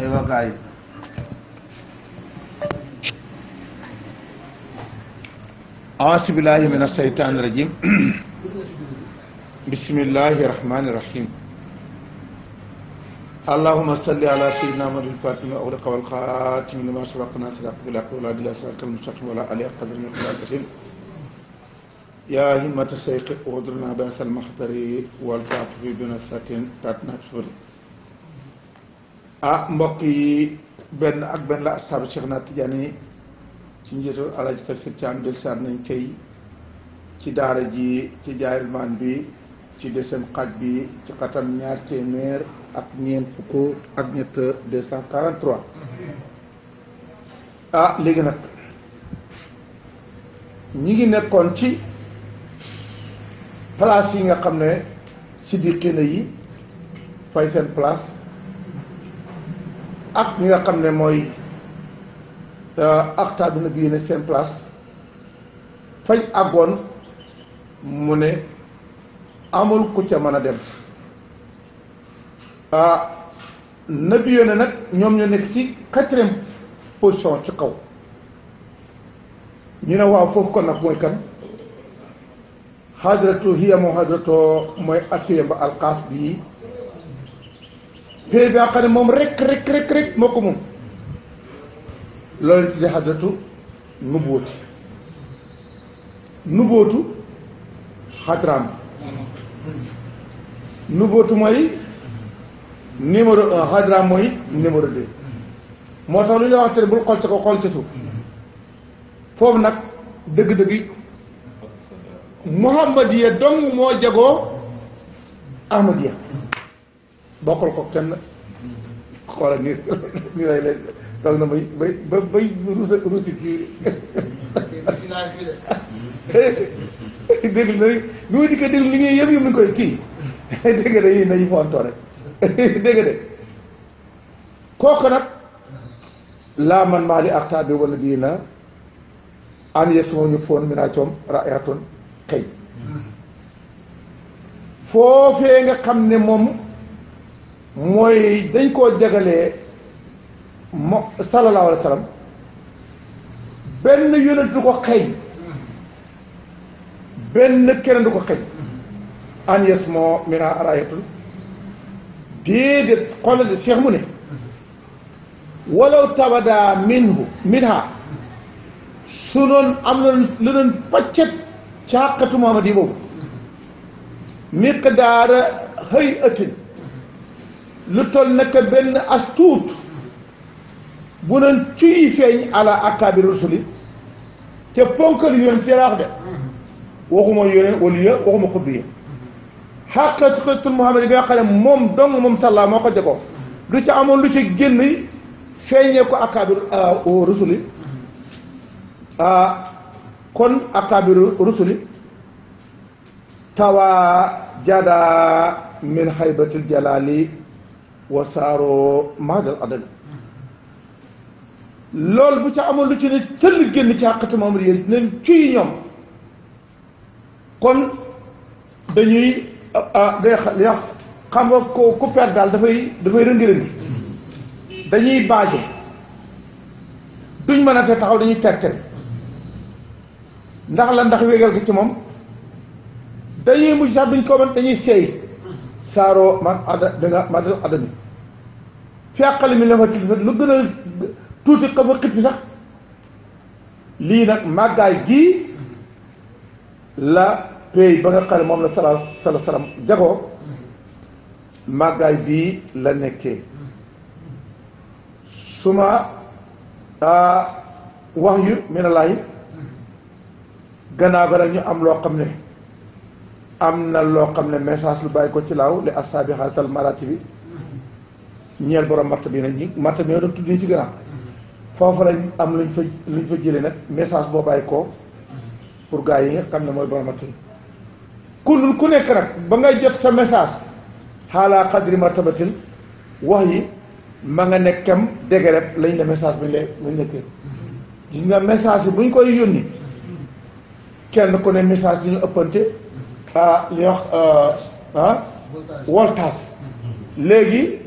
ايوه قاعد أعوذ بالله من الشيطان الرجيم بسم الله الرحمن الرحيم اللهم صل على سيدنا محمد الفاتح الأغلق والخاتم لما سبق ناصر بالحق ولا إله إلا المستقيم ولا علي قدر من قدر القسم يا همة السيق أغدرنا بأس المخطر والكافر دون السكن تاتنا بسبل ah mbokk yi benn ak benn la asaabu Cheikh na Tidiane ci njiitu Alaaji Tafsir Caam del saat nañ tey ci daara ji ci jaayilmaan bi ci deuxième xaaj bi ci xatam ñaar téeméer ak ñeent fukk ak ñett ah léegi nag ñi ngi nekkoon ci place yi nga xam ne siddiqina yi fay seen place ak bi nga xam ne mooy acta bi nag yéene seen place fañ àggoon mu ne amul ku ca mën a dem ah nabi nag ñoom ñu nekk ci quatrième position ci kaw ñu ne waaw foofu kon nag mooy kan xadratu hiya moom xadrato mooy attuye ba alxaas bii pay bi nga moom rek rek rek moo ko moom loolu tuddee xadratu nubooti nubootu xadraam nubootu mooy numéro un mooy numéro deux moo tax lu ñu waxante bul xool ko xool ci foofu nag dëgg-dëgg muhammadiya dong moo jagoo ahmadiya bokkal ko kenn xoolal nii nii lay lay toog na bay bay ba bay ruus ak ruusi kii na rek bi ma dikkee déglu li yëpp yëpp mi koy kii dégg nga de yii nañu fontoo rek dégg de kooku nag laa man maa di akta bi wala bii na an yesuma ñu foon mi raayatoon xëy foofee nga xam ne moom mooy dañ koo jagalee mo sallallahu alayhi wa sallam benn yonent du ko xëy benn keneen du ko xëy an yes moo mina arayatul déedéet xoolal de cheikh mu ne walaw tabada minhu minha su noon am na lu doon paccet càqatu Muhammad yi boobu miqdaara xëy atin lu toll naka benn as tuut bu doon cuy feeñ ala akabir rusuli te ponkal yoon ci laa wax de waxuma yoneen waliya waxuma xudduya xaqiqatul muhammad bi nga xam ne moom dong moom sàllaa moo ko jagoo lu ci amoon lu ci génn feeñee ko akabir uh, uh, rusuli uh, kon akabir rusuli tawa jada min haybatil jalali wasaaroo maadal adad lool bu ca amoon lu ci ne tëll génn ci xàqati moom réer dinañ ciy ñoom kon dañuy ah, ah, xam nga ko ku perte daal dafay dafay rëngi-rëngi dañuy baaje duñ mën a te taxaw dañuy terter ndax la ndax wégal ko ci moom dañuy mujj sax duñ ko mën dañuy seey saaroo man ma dal adami fi àqali mi lu gën a tuuti xafa xit bi sax lii nag màggaay gii la pay ba nga xam ne moom la sala sala salam jagoo màggaay bii la nekkee suma wax yu mi na laay gannaaw ga ñu am loo xam ne am na loo xam ne message lu bàyyi ko ci laaw li asaabi xaatal maraati bi ñeel borom marta bi nag ñi marta bi ñoo doon tudd nii ci gannaaw foofu lañ am luñ fa luñ fa jëlee nag message boo bàyyi ko pour gars yi xam ne mooy borom marta bi ku ku nekk nag ba ngay jot sa message xaalaa xadri martabatin wax yi ma nga nekkam dégrép lañ la message bi la lañ nekkee nga message bu buñ koy yónni kenn ku ne message bi ñu ëppante ah li wax ah voltage léegi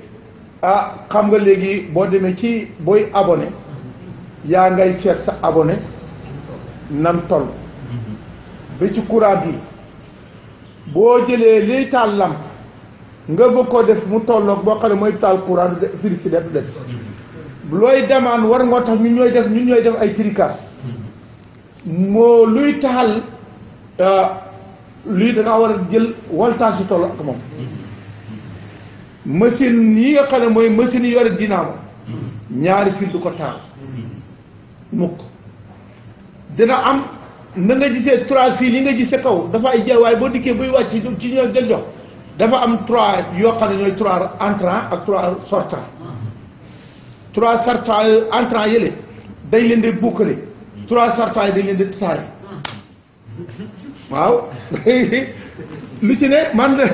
ah, xam nga léegi boo demee ci booy abone yaa ngay seet sa abone nam toll bi ci courant bi boo jëlee liy taal lamp nga bëgg koo def mu tolloog boo xam ne mooy taal courant du firi si def def looy demande war ngoo tax ñun ñooy def ñun ñooy def ay tricage mm-hmm. moo luy taal euh, luy da war a jël voltage su toll ak moom machine yi nga xam ne mooy machine yi yore dynamo ñaari fil du ko taal mukk dina am na nga gisee trois fil yi nga gisee kaw dafa ay jeex waaye boo dikkee buy wàcc ci ñoo jël jox dafa am trois yoo xam ne ñooy trois entrant ak trois sortant trois sortant entrant yële dañ leen di bukkale trois sortant yi dañ leen di tasaare waaw lu ci ne man lu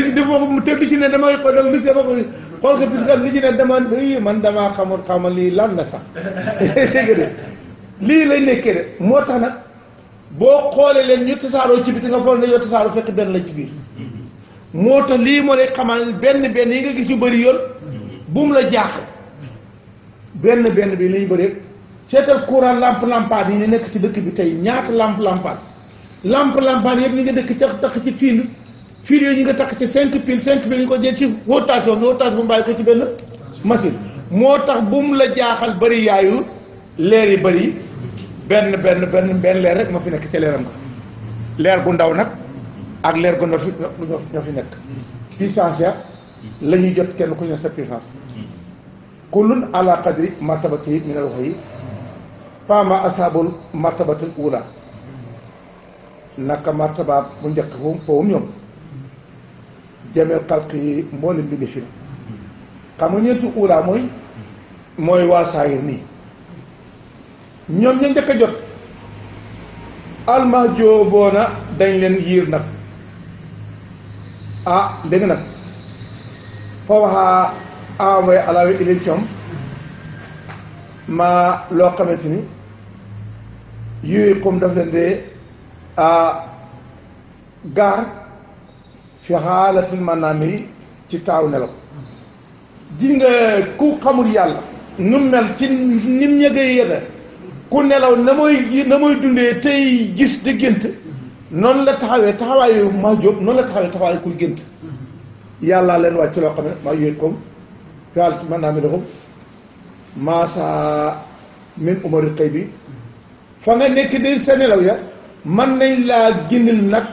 ci def ko mu te lu ci ne damay xool lu ci def ko xool ko puisque lu ci ne dama man damaa xamoon xamal lii lan na sax dégg lii lay nekkee de moo tax nag boo xoolee leen ñu saaroo ci biti nga foog ne yow tasaaroo fekk benn la ci biir moo tax lii moo lay xamal benn benn yi nga gis ñu bëri yoon bu la jaaxal benn benn bi nañ bëreeg seetal courant lamp lampaat yi ñu nekk ci dëkk bi tey ñaata làmp lampaat lamp lampaat yëpp ñu nga dëkk ca takk ci fiil fiil yooyu ñu nga takk ci cinq pile cinq pile ñu ko jël ci rotation bi rotation bu mu bàyyi ko ci benn machine moo tax bu mu la jaaxal bëri yaayu leer yi bëri benn benn benn benn leer rek moo fi nekk ca leeram ko leer gu ndaw nag ak leer gu ndaw fi nekk puissance ya la ñuy jot kenn ku ne sa puissance kullun ala qadri martabati min al waxyi faama asaabul martabatil ula naka martabaab bu njëkk foofu ñoom jameel xalq yi mboolem bi fi xam nga ñeenti mooy mooy waa saayir nii ñoom ña njëkk jot alma jooboona dañ leen yiir nag ah dégg nag fa waxaa envoyé alaawe ilay ma loo xamante ni yooyu comme daf leen dee gaar fi xaalatul maanaam yi ci taaw nelaw di ku xamul yàlla nu mel ci nim ñëgee yëge ku nelaw na mooy na mooy dundee tey gis di gént noonu la taxawee taxawaayu maa jóob noonu la taxawee taxawaayu kuy gént yàllaa leen wàcc loo xam ne maa yooyu comme fi al manaamilihum maasaa min umari xëy bi fa nga nekk di sa nelaw ya man nañ laa gindil nag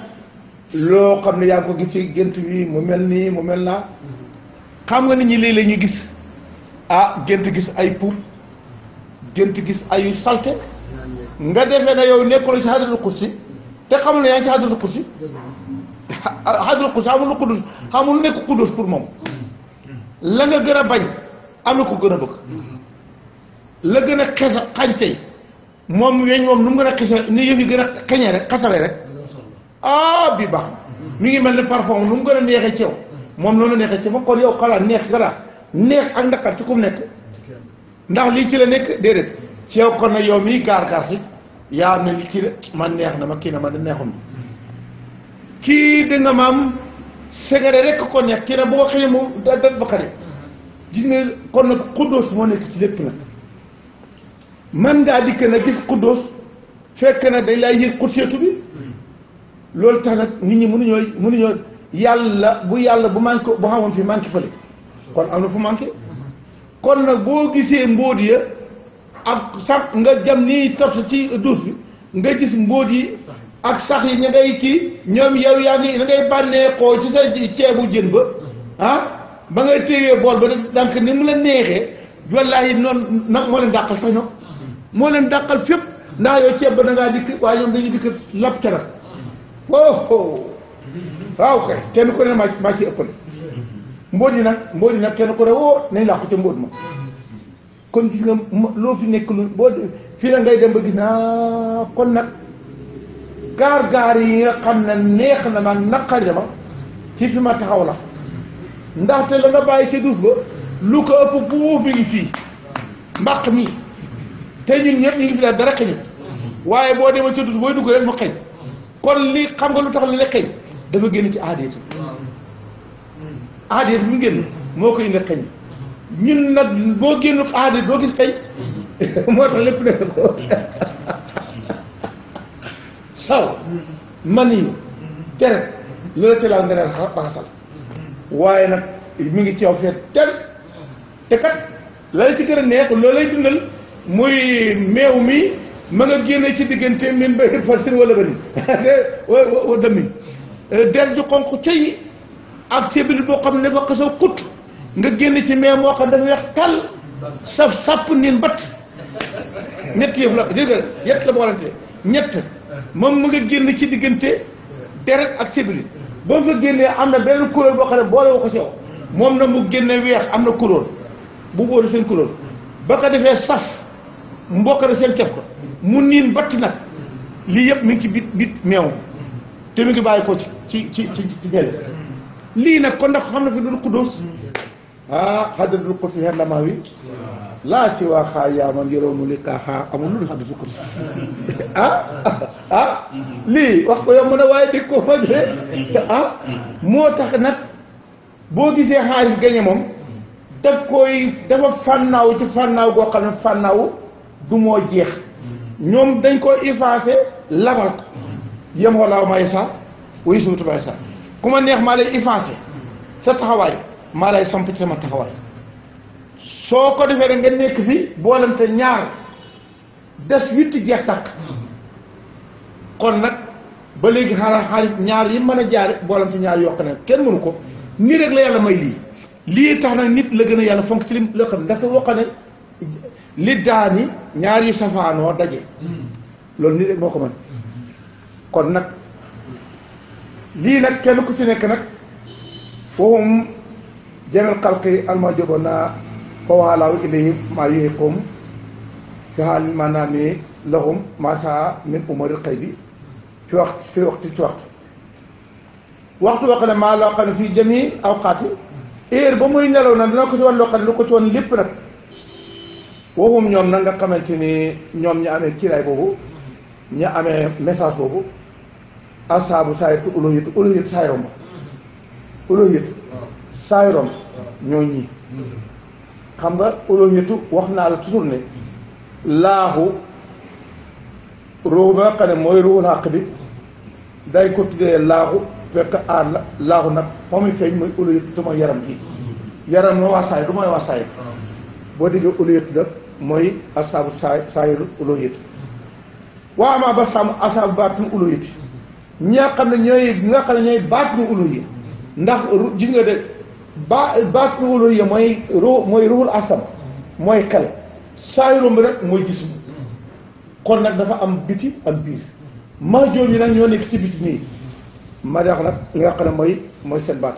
loo xam ne yaa ngi ko gis ci gént bi mu mel nii mu mel naa xam nga nit ñi léeg-léeg gis ah gént gis ay puub gént gis ay salte nga defee na yow nekkuloo ci xadratul kursi te xamul ne yaa ngi ci xadratul kursi xadratul xamul nekk xudus pour moom la nga gën a bañ am na ko gën a bëgg la gën a xesa xañ tey moom weeñ moom lu mu gën a xesa ni yëf yi gën a xeñee rek xasawee rek ah bi baax mi ngi mel ni parfum nu mu gën a neexee ci yow moom noonu neexee ci moom kon yow xalaat neex gara neex ak ndaqar ci ku mu nekk ndax lii ci la nekk déedéet ci yow kon nag yow mii gaar gaar si yaa ne kii man neex na ma kii na ma neexum kii danga segere rek ko neex kii nag bu ko xëyee moom da da bakkari gis nga kon nag xuddoos moo nekk ci lépp nag man ngaa dikk na gis xuddoos fekk na dañ lay yëg xudseetu bi loolu tax nag nit ñi mënuñoo mënuñoo yàlla bu yàlla bu manqué bu xamoon fi manqué fële kon am na fu manqué kon nag boo gisee mbóot ya ak sax nga jam nii tort ci duus bi nga gis mbóot yi ak sax yi ña ngay kii ñoom yow yaa ngi da ngay bànneexoo ci sa ceebu jën ba ah ba ngay téyee bool ba donc ni mu la neexee wallaahi noonu nag moo leen dàqal sax ñoom moo leen dàqal fépp ndax yow ceeb ba da ngaa dikk waaye ñoom dañuy dikk lab ca nag oh waaw kay kenn ku ne maa maa ci ëppale mbóot yi nag mbóot yi nag kenn ku ne woo nañ làqu ca mbóot ma kon gis nga loo fi nekk lu boo fii nag ngay dem ba gis naa ah, kon nag gaar-gaar yi nga xam ne neex na ma naqari na ma ci fi ma taxaw la ndaxte la nga bàyyi ca duuf ba lu ko ëpp bu wóob ngi fii mbaq mi te ñun ñëpp ñu ngi fi daal dara xëñu waaye boo demee ca duuf booy dugg rek mu xëñ kon li xam nga lu tax li ne xëñ dafa génn ci aadéet aadéet bi mu génn moo koy indi xëñ ñun nag boo génn aadéet boo gis xëñ moo tax lépp ne ko saw maniyu deret loola ci laal nga ne waaye nag mi ngi ci yow fee tel te kat ci gën a neex loolu lay dundal muy meew mi ma nga génne ci diggante min ba farsin wala ba ni wa dëmmiñ eh, der ju xonq coy ak sébili boo xam ne dafa xasoo kut nga génn ci meew moo xam dafa weex tàll saf sàpp niin bat ñett yëf la dégg nga ñett moom mu nga génn ci diggante deret ak sébili boo fa génnee am na benn couleur boo xam ne boole ko ci yow moom na mu génne weex am na couleur bu boole seen couleur boo ko defee saf mbokk na seen caf ko mu niin batt nag lii yëpp mi ngi ci bit bit meew te mi ngi bàyyi ko ci ci ci ci ci lii nag kon ndax xam na fi dul kuddóos ah xadra dul ko ci xeer lamaa wi laa si waa xaa yaaman yoróomu li kaa xaa amul lu xaddu sukkur si ah ah, ah. lii wax ko yomb na waaye dégg ko fajre ah, moo tax nag boo gisee xaalis gañe moom daf koy dafa fànnaaw ci fànnaaw goo xam ne fànnaaw du moo jeex ñoom dañ koy effacé labal ko yem walaaw may sa way suutu may sa ku ma neex maa lay effacé sa taxawaay maa lay samp ci sama taxawaay soo ko defee rek nga nekk fi boolante ñaar des witti jeex tàkk kon nag ba léegi xaaral xaalis ñaar yi mën a jaar boolante ñaar yokk ne kenn mënu ko nii rek yàlla may lii lii tax nag nit la gën a yàlla fonk ci lim la xam ndax waxoon ne li daani ñaar yu safaanoo daje loolu ko mën kon nag lii nag kenn ku ci nekk nag foofu moom jeneen xalqi alma jobo فوحى الله إليهم ما يحييهم في حال المنام لهم ما شاء من أمور الغيب في وقت في وقت في وقت waxtu boo xam ne maa loo xam ne fii jami awqaati heure ba muy nelaw nag dina ko ci wan loo xam lu ko ci wan lépp nag waxum ñoom nag nga xamante ni ñoom ñu amee kiiraay boobu ñu amee message boobu asaabu saa yit ulohit ulohit saa yomb ulohit ñoo ñii xam nga ulóomiyatu wax naa la toujours ne laahu ruuxu ba nga xam ne mooy ruuxul xàq bi day ko tuddee laaxu fekk aar la laaxu nag fa muy feeñ mooy ulóomiyatu te mooy yaram gi yaram mooy waa saayir du mooy waa saayir boo déggee ulóomiyatu nag mooy asaabu saay saayiru ulóomiyatu waa maa ba saamu asaabu baatinu ulóomiyatu ñi nga xam ne ñooy ñi xam ne ñooy baatinu ulóomiyatu ndax gis nga de ba baatinul ya mooy ruux mooy ruuxul asam mooy xel saayirum bi rek mooy gis kon nag dafa am biti am biir joon yi nag ñoo nekk ci biti nii ma dex nag li xam ne mooy mooy seen baat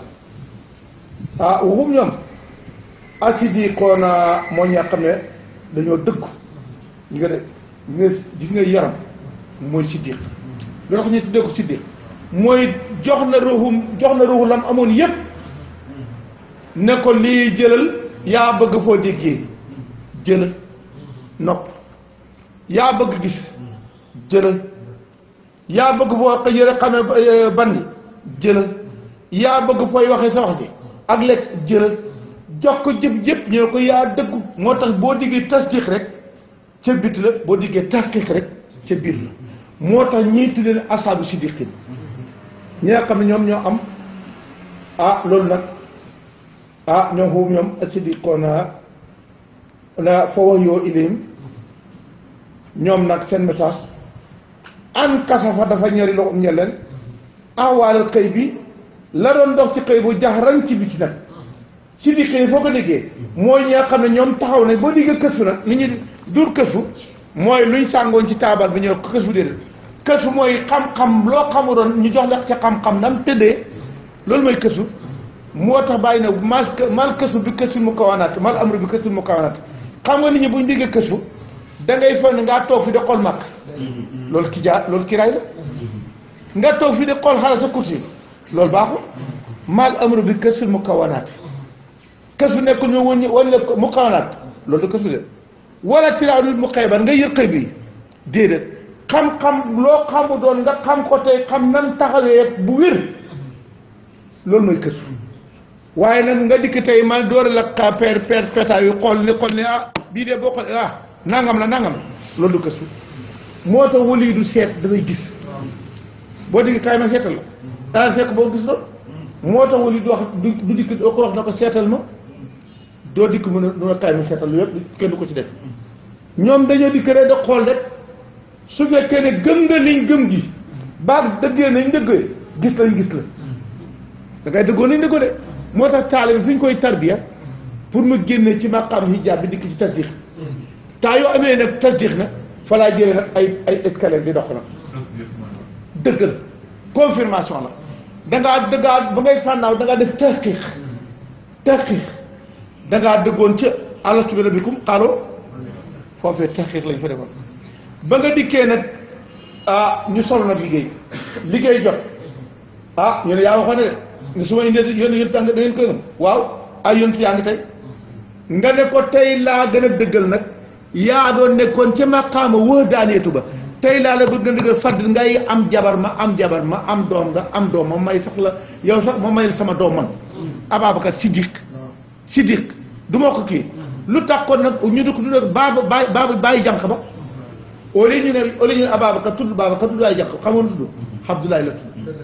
ah waxum ñoom asidi koona mooy ñaa dañoo dëgg ñu nga de ñu nga gis nga yaram mooy siddiq lu tax ñu tuddee ko siddiq mooy jox na ruuxum jox na ruuxu lam amoon yépp ne ko lii jëlal yaa bëgg foo déggee jëlal nopp yaa bëgg gis jëlal yaa bëgg boo yëre xamee eh, banni jëlal yaa bëgg fooy waxee sa wax ji ak lekk jëlal jox ko jëf jëpp ñoo ko yaa dëggu moo tax boo diggee tasdiq rek ca bit la boo diggee tahqiq rek ca biir la moo tax ñii tuddee asaabu siddiqin ñi nga xam ne ñoom ñoo am ah loolu nag ah ñoom hum ñoom asidiqoona la fa wahyoo ilim ñoom nag seen message an kasafa dafa ñori loxum ñe leen awaalal ah, xëy bi la doon dox ci xëy bu jaxran ci biti nag si di xëy foo ko déggee mooy ñi nga xam ne ñoom taxaw nañ boo digg kësu nag nit ñi dur kësu mooy luñ sàngoon ci taabal bi ñëw kësu déedéet kësu mooy xam-xam loo xamuroon ñu jox la ci xam-xam nam tëddee loolu mooy kësu moo tax bàyyi na mal kësu bi kësul mu kawanaat mal amru bi kësul mu kawanaat xam nga nit ñi bu ñu déggee kësu da ngay foog ne ngaa toog fi di xool màkk mm-hmm. loolu ki jaar loolu kiraay la mm-hmm. nga toog fi di xool xala sa kursi loolu baaxul mm-hmm. mal amru bi kësul mu kawanaat kësu nekkul ñu woon woon la mu kawanaat loolu da kësu de wala tiraanul mu xëy ban nga yër xëy bi déedéet xam-xam loo xamu doon nga xam ko tey xam nan taxawee bu wér loolu mooy kësu waaye nag nga dikk tey man door la ka per per peta yu xool ni xool ni ah bii de boo xool ah nangam la nangam la loolu du gëstu moo tax yi du seet dafay gis boo digg kaay ma seetal la boo gis loolu moo tax wali du wax du dikk doo ko wax doo dikk mu ne du ma seetal lu yëpp kenn du ko ci def ñoom dañoo dikk rek da xool rek su fekkee ne gëm nga gëm gi baax dëggee nañ dëggee gis lañ gis la da ngay nañ dëggoo de moo tax taalibe fi ñu koy tarbiya pour mu génne ci maqaamu hijab bi dikk ci tasdiq ta yoo amee nag tasdiq nag fa laa jëlee nag ay ay escalier di dox nag dëggal confirmation la dangaa dëggaat ba ngay fànnaaw dangaa def tahqiq tahqiq dangaa dëggoon ci alastu bi rabbikum qaalu foofee tahqiq lañ fa defoon ba nga dikkee nag ah ñu solo nag liggéey liggéey jot ah ñu ne yaa waxoon ne ne su ma indee yónni yónni tàng da ngeen koy gëm waaw nga ne ko tey laa gën a dëggal nag yaa doon nekkoon ca maqaama wóor daaneetu ba tey laa la bëgg a dëggal fàdd ngay am jabar ma am jabar ma am doom nga am doom ma may sax la yow sax ma may sama doom man Ababacar Siddiq Siddiq du ma ko kii lu tax kon nag ñu di ko tudd baaba baay baaba bàyyi jànq ba au lieu ñu ne au lieu ñu ne Ababacar tudd Babacar tudd ay jànq xam nga tudd Abdoulaye la tudd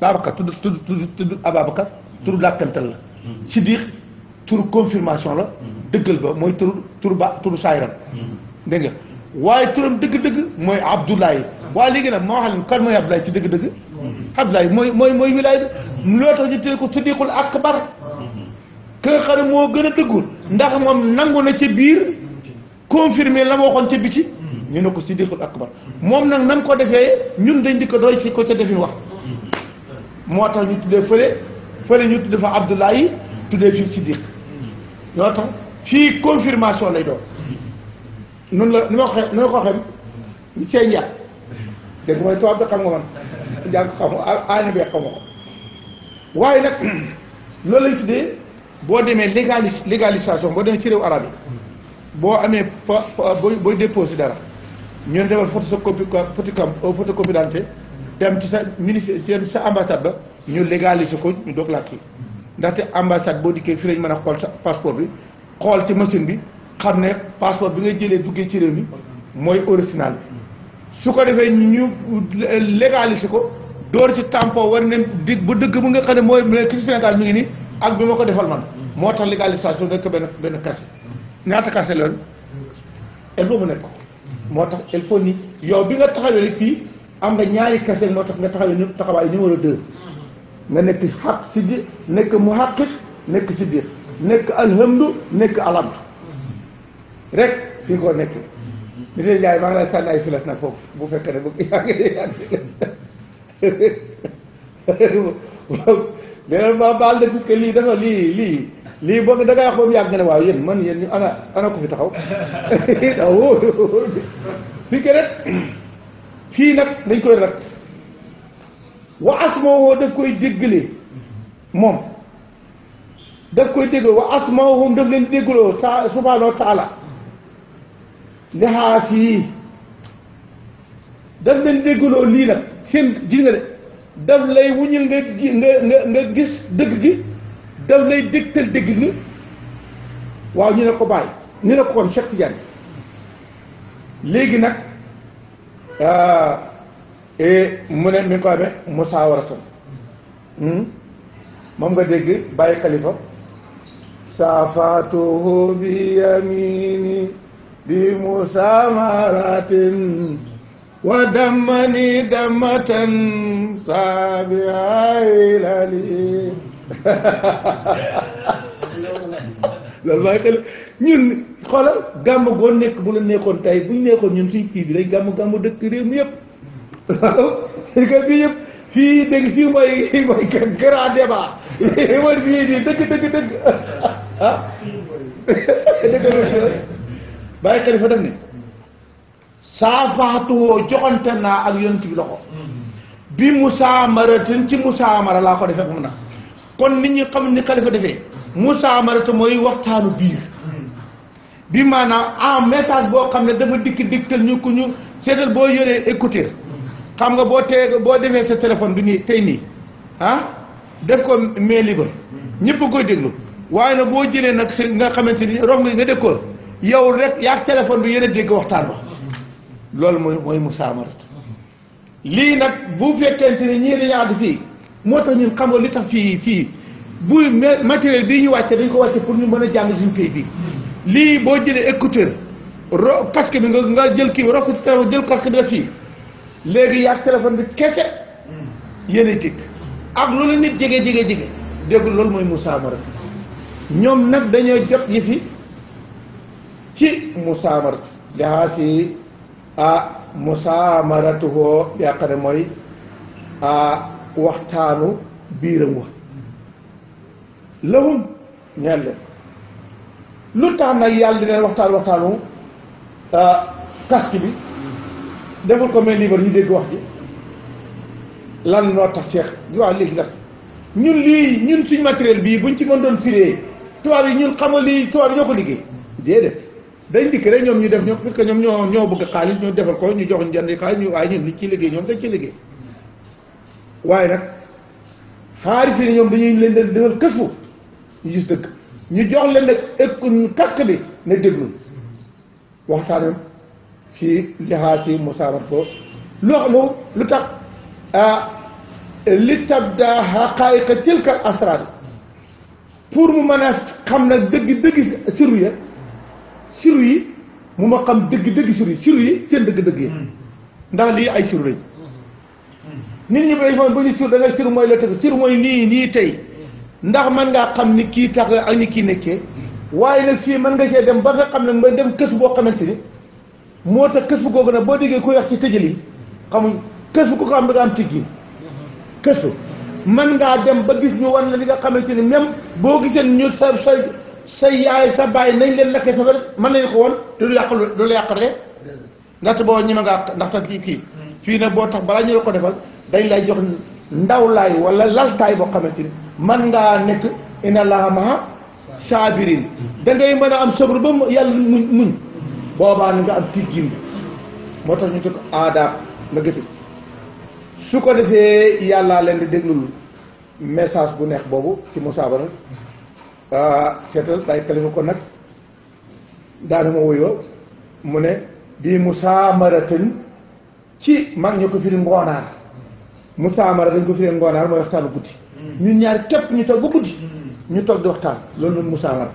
Babacar tudd tudd tudd tudd Ababacar turu dàkkantal la mm-hmm. Siddiq turu confirmation la mm-hmm. dëggal ba mooy turu turu ba turu saayiram mm-hmm. dégg nga waaye turam dëgg-dëgg mooy Abdoulaye waaye léegi nag ma wax leen kan mooy Abdoulaye ci dëgg-dëgg Abdoulaye mooy mooy mooy wilaay bi loo tax ñu tuddee ko Siddiqul Akbar ki nga xam ne moo gën a dëggul ndax moom nangu na ca biir confirmé la ma waxoon ca biti ñu ne ko Siddiqul Akbar moom na nam ko defee ñun dañ di ko doy ci ko ca defin wax moo tax ñu tuddee fële fële ñu fa Abdoulaye tuddee fi Siddiq tax confirmation lay doon la xam seen dégg mooy tubaab nga man xam aani bee ko waaye nag loolu lañ tuddee boo légalisation ci dara dem ci sa ministère dem ci sa ambassade ba ñu légaliser ko ñu doog laa kii ndaxte ambassade boo dikkee fii lañ mën a xool sa passeport bi xool ci machine bi xam ne passeport bi nga jëlee duggee ci réew mi mooy original bi su ko defee ñu légaliser ko door ci tampon war ne dig bu dëgg bu nga xam ne mooy kii Sénégal mu ngi nii ak bi ma ko defal man moo tax légalisation nekk benn benn kase ñaata kase loolu il faut mu nekk ko moo tax il faut yow bi nga taxawee am nga ñaari kese moo tax nga taxawee taxawaay numéro deux nga nekk xaq siddiq nekk muhaqiq nekk siddiq nekk alhamdu nekk alhamdu rek fi nga ko nekk monsieur jaay maa ngi lay sànni ay filas nag foofu bu fekkee ne bëgg yaa ngi yaa ngi beneen ma lii lii boo da ngay xoom yàgg man yéen ñu ana ana ko fi taxaw waaw wóor fii nag dañ koy rat wa asmawoo daf koy déggalee moom daf koy déggal wa asmawhum daf leen déggaloo sa subhaanahu wa taala lixaas yi daf leen déggaloo lii nag seen ji nga de daf lay wuñul nga nga nga gis dëgg gi daf lay dégtal dégg gi waaw ñu ne ko bàyyi ñu ne ko kon Cheikh Tidiane léegi nag Ah, eh, mu ne mi ngi ko amee musaawaratan hmm? moom nga dégg bàyyi xalifa saafatuhu bi yamini bi musamaratin wa dammani dammatan saabiha ilali loolu mooy xel ñun xoolal gàmm boo nekk bu la nekkoon tey bu ñu nekkoon ñun suñ kii bi dañ gàmm gàmm dëkk réew mi yëpp waaw kër bi yëpp fii dégg fii mooy mooy grand débat mooy fii nii dëgg dëgg dëgg ah dëgg bàyyi xel fa def ne joxante naa ak yonent bi loxo bi musaamaratin ci musaamara laa ko defee ak mun a kon nit ñi xam ni xalifa defee musaamaratu mooy waxtaanu biir bi maanaam en message boo xam ne dama dikk dikkal ñu ku ñu seetal boo yoree écouteur xam nga boo tee boo defee sa téléphone bi nii tey nii ah def ko main libre ñëpp a koy déglu waaye nag boo jëlee nag si nga xamante ni rong nga dégg ko yow rek yaa téléphone bi yéen a dégg waxtaan ba loolu mooy mooy musaamaratu lii nag bu fekkente ni ñii dañu àgg fii moo tax ñu xam nga li tax fii fii bu matériel bi ñu wàcce dañ ko wàcce pour ñu mën a jàng suñu kayit bi lii boo jëlee écouteur ro casque bi nga nga jël kii bi rokk ci téléphone jël casque bi def fii léegi yàq téléphone bi kese yéen tikk ak loolu nit jege jege jege dégg loolu mooy musaamara ñoom nag dañoo jot yi fi ci musaamara lihaa si ah musaamaratuhoo yaakaar mooy ah waxtaanu biiram wax lahum ñeel leen lu tax nag yàlla di leen waxtaan waxtaanu casque euh, bi deful ko mel libre ñu dégg wax ji lan noo tax seex ñu wax lii ndax ñun lii ñun suñ matériel bii buñ ci mën doon firee tubaab yi ñun xamal lii tubaab yi ñoo ko liggéey déedéet dañ dikk rek ñoom ñu def ñoom parce que ñoom ñoo ñoo bëgg xaalis ñu defal ko ñu jox ñu jënd xaalis ñu waaye ñun liñ ci liggéey ñoom dañ ci liggéey waaye nag xaari fii ñoom dañuy leen defal kësu ñu gis dëgg ñu jox leen nag bi na déglu waxtaanam ci lixaa ci musaabat foofu lu lu tax ah, li tabda xaqaayiqa tilka asraar pour mu mën a xam nag dëgg dëgg siru ya siru yi mu ma xam dëgg dëgg siru yi siru yi seen dëgg yi ndax lii ay siru lañ mm-hmm. nit ñi tey ndax mën ngaa xam ni kii tax ak ni kii nekkee waaye nag fii mën nga cee dem ba nga xam ne nga dem kës boo xamante ni moo tax kësu googu nag boo déggee kuy wax ci tëjël yi xamuñ kësu ko xam ne nga am tiggi kësu mën ngaa dem ba gis ñu wan la li nga xamante ni même boo gisee ñu sa sa sa yaay sa bàyyi nañ leen lakkee sa bari mën nañu ko woon du yàq du la yàq rek ndaxte boo ñeme ngaa kii kii fii nag boo tax balaa ñëwee la ko defal dañ lay jox ndawlaay wala laltaay boo xamante ni man ngaa nekk ina laa maa saabirin da ngay mën a am sabr ba yàlla muñ muñ boobaa nga am tiggin moo tax ñu tëgg aadaab nga gëstu su ko defee yàllaa leen di déglul message bu neex boobu ci musaabara ah, seetal day kalifa ko nag daanuma wuyoo mu ne bii musaamaratin ci mag ñu ko firi ngoonaar musaamara dañ ko firi ngoonaar mooy waxtaanu guddi ñun ñaar képp ñu toog ba guddi ñu toog di waxtaan loolu noonu musaamara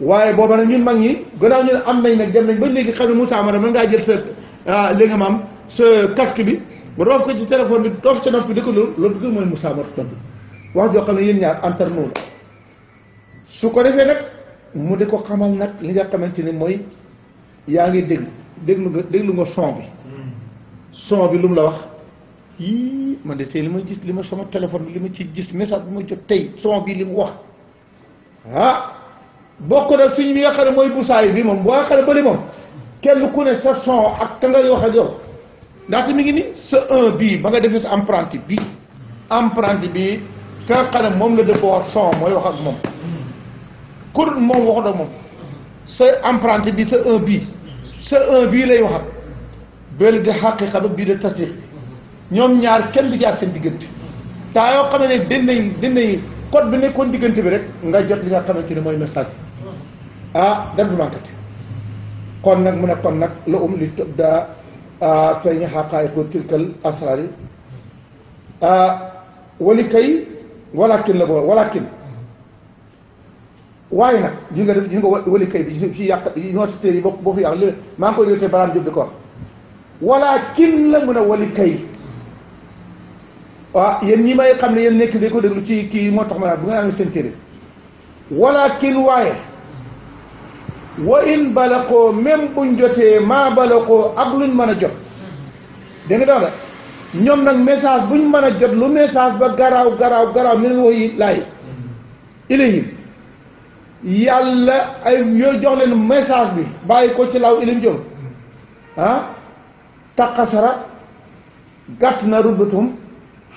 waaye booba nag ñun mag ñi gannaaw ñu am nañ nag dem nañ ba léegi xam ne musaamara mën ngaa jël sa ah, li nga maam sa casque bi roof ko ci téléphone bi roof ca nopp bi di ko loolu loolu gën mooy musaamara tontu wax joo xam ne yéen ñaar antarnoo la su ko defee nag mu di ko xamal nag li nga ci ni mooy yaa ngi dégg déglu nga déglu nga son bi hmm. son bi lu mu la wax yii man de tey li ma gis li ma sama téléphone bi li ma ci gis message bi ma jot tey son bii li mu wax ah bokk na suñ bi nga xam ne mooy busaay bi moom boo nga xam ne bëri moom kenn ku ne sa son ak ka ngay wax yow ndaxte mi ngi ni sa un bi ba nga defee sa empreinte bi empreinte bi ka nga xam ne moom la dafa wax son mooy wax ak moom kur moom wax ak moom sa empreinte bi sa un bii sa un bii lay wax ak de xaqiqa ba bii de ñoom ñaar kenn du jaar seen diggante taa yoo xam ne dinañ dinañ code bi nekkoon diggante bi rek nga jot li nga xamante ne mooy message ah dara du manqué kon nag mu ne kon nag la um li tëb daa fay ñu xaqaay ko tilkal asraar yi wali kay walakin la ko walakin waaye nag ji nga def ji nga wali kay bi fii yàq université yi boo boo fi yàq li maa ngi koy yóotee baraam jób di ko wax walakin la mun a wali kay waaw yéen ñi may xam ne yéen nekk de ko déglu ci kii moo tax ma naan bu nga amee seen téere walakin waaye wa in balakoo même buñ jotee maa balakoo ak luñ mën a jot dégg nga daal ñoom nag message buñ mën a jot lu message ba garaw garaaw garaaw mi wax yi laay ilayhim yàlla ay yooyu jox leen message bi bàyyi ko ci laaw ilim jëm ah gàtt na rubbatum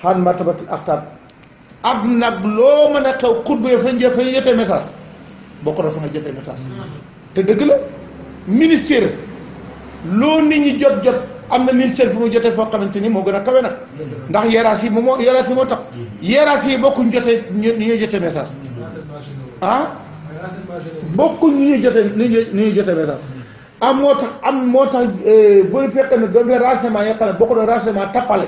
xan martabatul aqtab ak nag loo mën a xew xutba ya fañ fañ jotee message bokk na fa nga jotee message te dëgg la ministère loo nit ñi jot jot am na ministère fu mu jotee foo xamante ni moo gën a kawe nag ndax hiérarchie yi moom moo hiérarchie moo tax hiérarchie yi bokkuñ jotee ñu ni ñuy jotee message ah ñuy jotee ni ñuy jotee message am moo tax am moo tax euh, booy fekk ne doon renseignement yoo xam ne bokk na renseignement tappale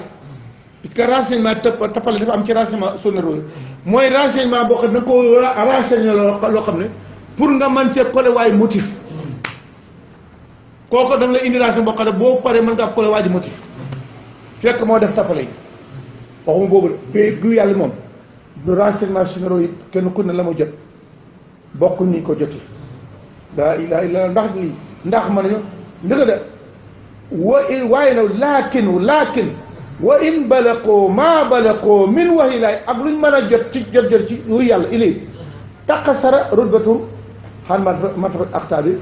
parce que renseignement tëpp tappale dafa am ci renseignement sunna roy mooy renseignement boo xam ne da ko loo xam ne pour nga mën cee collé waaye motif kooku da nga la indi renseignement boo xam moo def tappale yi waxuma boobu de gu yàlla moom du renseignement sunna roy kenn ku ne la ma jot bokk ni ko joti laa ilaaha illa ndax ndax man a ño ndëga de wa waaye nag laakin laakin wa in balaqoo maa balaqoo min waxi laay ak luñ mën a jot ci jot jot ci wu yàlla ilay taqasara rutbatum xan matru aktaab yi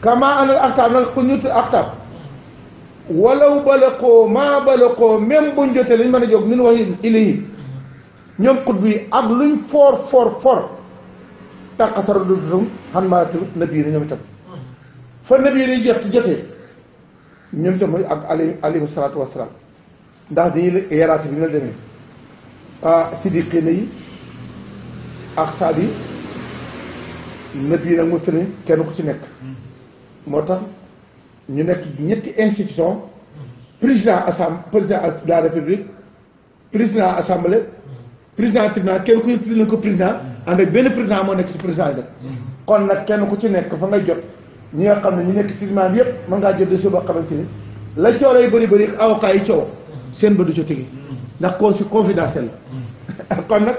kama anal aktaab nag ku ñu tudd aktaab walaw balaqoo maa balaqoo même buñ jotee lañ mën a jóg min waxi ilay ñoom xutb yi ak luñ foor foor foor taqasara rutbatum xan matru nabi yi ñoom itam fa nabi yi jot jotee ñoom itam mooy ak alayhi salaatu wasalaam ndax dañuy hiérarchie bi na demee ah siddiqiina yi axtaab yi nëb yi nag mu tëne kenn ku ci nekk moo tax ñu nekk ñetti institution président assemblée président de la république président assemblée président tribunal kenn ku ne ko président ànd ak benn président moo nekk ci président yi kon nag kenn ku ci nekk fa ngay jot ñi nga xam ne ñu nekk ci tribunal yëpp mën ngaa jot de soo boo xamante ni la cooro yi bëri bëri avocat yi coow seen ba du ca tege ndax kon si confidentiel la kon nag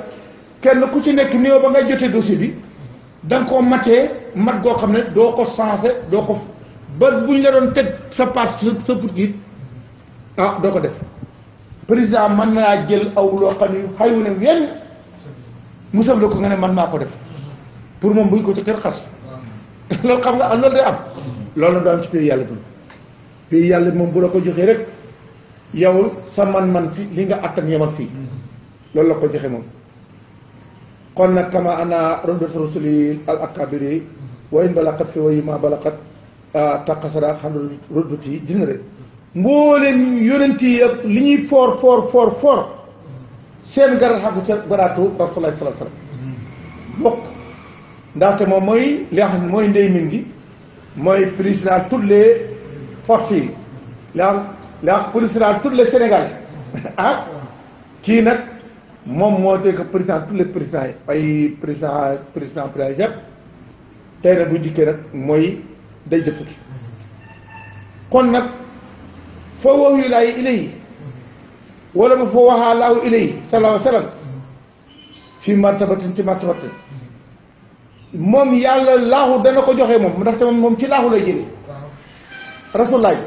kenn ku ci nekk néew ba ngay jotee dossier bi da koo matee mat goo xam ne doo ko sensé doo ko ba bu ñu la doon teg sa part sa put gi ah doo ko def président mën naa jël aw loo xam ne xayu musal la ko nga ne man maa ko def moom buñ ko ca kër xas loolu xam nga am loolu la doo am ci pays yàlla bi pays yàlla moom bu la ko joxee rek yow sa man-man fi li nga attan yamal fii mm-hmm. loolu la ko joxe moom kon nag kama ana rondata rasuli al akabiri mm-hmm. wa in fi wayu ma balakat taqasara xam rodbat yi ti rek mbooleen yonent yi ak li ñuy foor foor foor foor mm-hmm. seen garat xagu seen garaatu rasulullah sala sallam bokk moom mooy li nga xam ne mooy ndey min gi mooy président toutes les forces yi li ndax police rend tout le Sénégal ah kii nag moom moo dégg président tous les présidents yi ay président président président yëpp tey nag bu njëkkee nag mooy day jëfati kon nag foo wow yu laay ilayi wala ma foo waxaa laaw ilayi salaahu salaam fii martabatin ci martabatin moom yàlla laaxu dana ko joxe moom ndax tamit moom ci laaxu lay jëlee rasulaay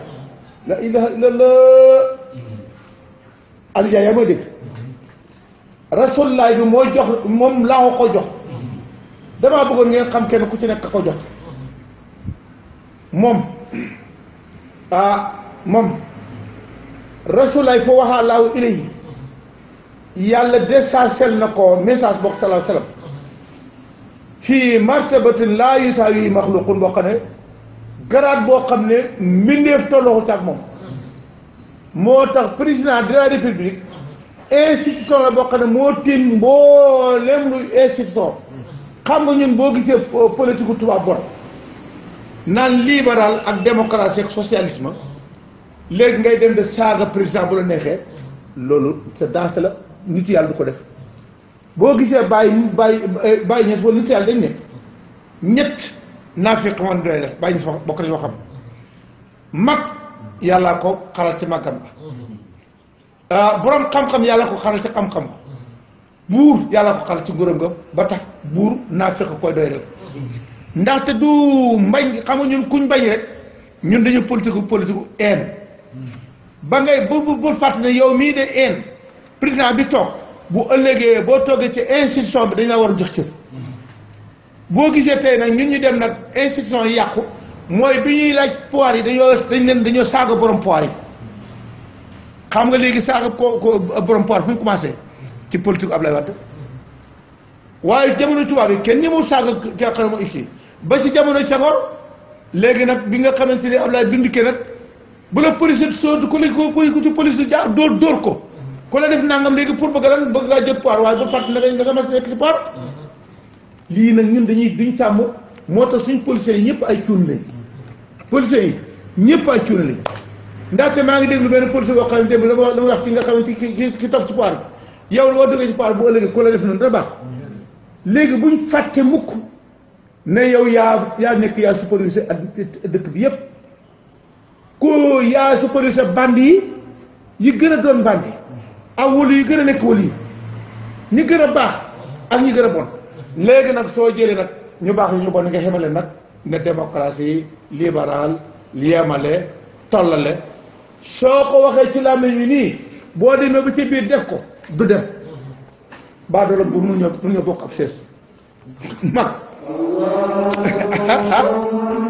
la ilaha illallah alijaay yaa ma dégg rasulullaay jox moom laa ko jox damaa bëggoon ngeen xam kenn ku ci nekk ko jox moom ah moom rasulaay foo waxaa laaw ilayhi yàlla desasel na ko message bokk salaa sallam fii martabatin laa yutaawi maxluqun boo xam ne garaat boo xam ne mbindeef tolloxut ak moom moo tax président de la république institution la boo xam ne moo tiim mboolem luy institution xam nga ñun boo gisee politique tubaab bon naan libéral ak démocratie ak socialisme léegi ngay dem de saaga président bu la neexee loolu sa danse la nit yàlla du ko def boo gisee bàyyi bàyyi bàyyi ñes wala nit yàlla dañ ne ñett naafiq man doy def bàyyi ñu bokk nañu waxam mag ko xaral ci màggam ba ah borom xam yàlla ko xaral ci xam-xam buur yàlla ko xaral ci nguuram ga ba tax buur naafiq koy doy def ndaxte du mbañ xam nga ñun kuñ bañ rek ñun dañu politique politique een ba ngay bu bul fàtte ne yow mii de een président bi toog bu ëllëgee boo toogee ci institution bi dañ la war a jox cër boo gisee tey nag ñu ñu dem nag institution yàqu mooy bi ñuy laaj pouvoir yi dañoo dañ leen dañoo saaga borom pouvoir yi xam nga léegi saaga ko ko borom pouvoir fu ñu commencé ci politique Ablaye Wade waaye jamono tubaab yi kenn ñi mu saaga ca xanamu ikki ba si jamono Senghor léegi nag bi nga xamante ni Ablaye bindike nag bu la police sootu ku la ku ci police jaar dóor dóor ko ku la def nangam léegi pour bëgg lan bëgg ngaa jot waaye ba fàtt nga na nga nekk lii nag ñun dañuy duñ sàmm moo tax suñ policiers yi ñëpp ay cuune lañ policiers yi ñëpp ay cuune lañ ndaxte maa ngi déglu benn policier boo xam ne démb la ma wax ci nga xam ne ki ki tax ci paar bi yow boo duggee ci paar bu ëllëgee ku la def noonu dana baax léegi buñ fàtte mukk ne yow yaa yaa nekk yaa supervisé ak dëkk bi yëpp ko yaa supervisé bandi yi yi gën a doon bandi ak walu yi gën a nekk walu yi ñi gën a baax ak ñi gën a bon léegi nag soo jëlee nag ñu baax yi ñu bon nga xamale nag ne démocratie libérale yemale tollale soo ko waxee ci làmmiñ wi nii boo demee ba ci biir def ko du dem baadoolo bu mun ñoo mun ñoo bokk ab sees mag